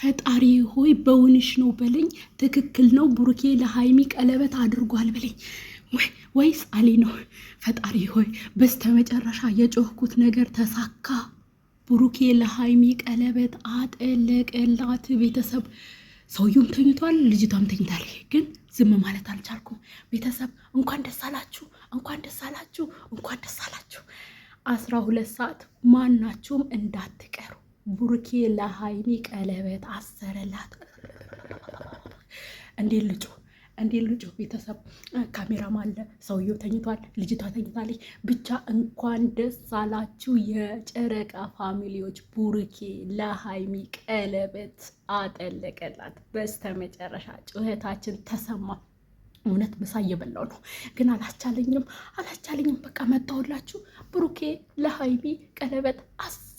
ፈጣሪ ሆይ በውንሽ ነው በለኝ። ትክክል ነው ብሩኬ ለሀይሚ ቀለበት አድርጓል በለኝ ወይስ አሊ ነው? ፈጣሪ ሆይ በስተመጨረሻ የጮህኩት ነገር ተሳካ። ብሩኬ ለሀይሚ ቀለበት አጠለቀላት። ቤተሰብ ሰውየውም ተኝቷል፣ ልጅቷም ተኝታል። ግን ዝም ማለት አልቻልኩም። ቤተሰብ እንኳን ደስ አላችሁ፣ እንኳን ደስ አላችሁ፣ እንኳን ደስ አላችሁ። አስራ ሁለት ሰዓት ማናችሁም እንዳትቀሩ ቡርኬ ለሀይሚ ቀለበት አሰረላት። እንዴ ልጩ እንዴ ልጩ ቤተሰብ ካሜራም አለ። ሰውየው ተኝቷል፣ ልጅቷ ተኝታለች። ብቻ እንኳን ደስ አላችሁ የጨረቃ ፋሚሊዎች። ቡርኬ ለሀይሚ ቀለበት አጠለቀላት። በስተመጨረሻ ጩኸታችን ተሰማ። እውነት ምሳ እየበላው ነው ግን አላቻለኝም አላቻለኝም። በቃ መጣሁላችሁ። ብሩኬ ለሀይሚ ቀለበት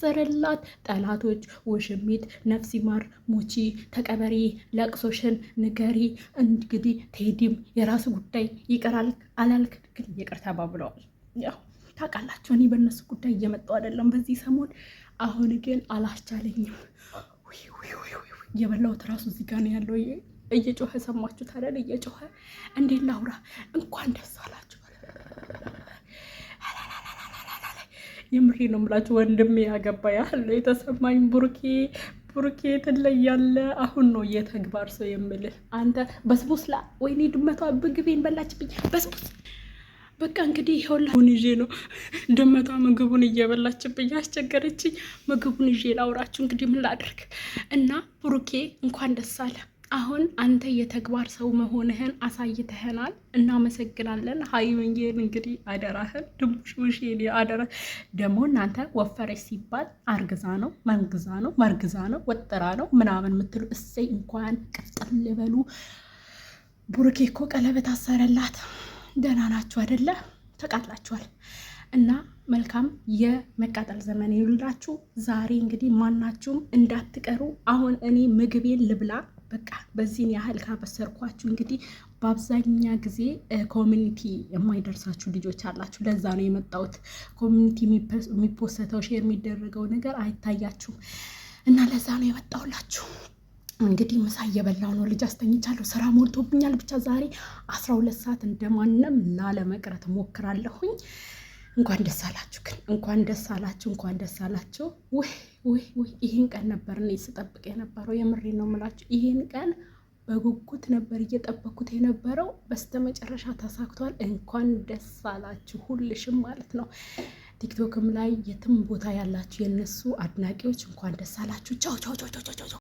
ያሰረላት ጠላቶች፣ ውሽሚት፣ ነፍሲ ማር፣ ሙቺ፣ ተቀበሪ፣ ለቅሶሽን ንገሪ። እንግዲህ ቴዲም የራሱ ጉዳይ ይቀራል አላልክ ግን ይቅር ተባብለዋል። ያው ታውቃላችሁ እኔ በእነሱ ጉዳይ እየመጣው አይደለም በዚህ ሰሞን። አሁን ግን አላስቻለኝም። የበላሁት ራሱ እዚህ ጋ ነው ያለው። እየጮኸ ሰማችሁ አይደል? እየጮኸ እንዴ ላውራ። እንኳን ደስ አላችሁ የምሬ ነው የምላችሁ ወንድሜ ያገባ ያህል የተሰማኝ ቡርኬ ብሩኬ ትለያለ። አሁን ነው የተግባር ሰው የምልህ አንተ በስቡስ ላ ወይኔ ድመቷ ምግቤን በላችብኝ። በስቡስ በቃ እንግዲህ ይኸውላ አሁን ይዤ ነው ድመቷ ምግቡን እየበላችብኝ አስቸገረችኝ። ምግቡን ይዤ ላውራችሁ እንግዲህ ምን ላድርግ እና ብሩኬ እንኳን ደስ አለ አሁን አንተ የተግባር ሰው መሆንህን አሳይተህናል። እናመሰግናለን። ሀይሚዬን እንግዲህ አደራህን ድንቡሽቡሽ አደራ። ደግሞ እናንተ ወፈረች ሲባል አርግዛ ነው መንግዛ ነው መርግዛ ነው ወጥራ ነው ምናምን የምትሉ እሰይ እንኳን ቅፍጥር ልበሉ። ቡርኬ እኮ ቀለበት አሰረላት። ደህና ናችሁ አይደለ? ተቃጥላችኋል እና መልካም የመቃጠል ዘመን ይሉላችሁ። ዛሬ እንግዲህ ማናችሁም እንዳትቀሩ። አሁን እኔ ምግቤን ልብላ። በቃ በዚህን ያህል ካበሰርኳችሁ እንግዲህ በአብዛኛ ጊዜ ኮሚኒቲ የማይደርሳችሁ ልጆች አላችሁ። ለዛ ነው የመጣሁት። ኮሚኒቲ የሚፖሰተው ሼር የሚደረገው ነገር አይታያችሁም እና ለዛ ነው የመጣሁላችሁ። እንግዲህ ምሳ እየበላው ነው። ልጅ አስተኝቻለሁ። ስራ ሞልቶብኛል። ብቻ ዛሬ አስራ ሁለት ሰዓት እንደማንም ላለመቅረት ሞክራለሁኝ። እንኳን ደስ አላችሁ ግን እንኳን ደስ አላችሁ እንኳን ደስ አላችሁ። ይህን ቀን ነበር እኔ ስጠብቅ የነበረው የምሬ ነው የምላችሁ። ይህን ቀን በጉጉት ነበር እየጠበኩት የነበረው በስተመጨረሻ ተሳክቷል። እንኳን ደስ አላችሁ ሁልሽም ማለት ነው። ቲክቶክም ላይ የትም ቦታ ያላችሁ የነሱ አድናቂዎች እንኳን ደስ አላችሁ። ቻው ቻው ቻው ቻው ቻው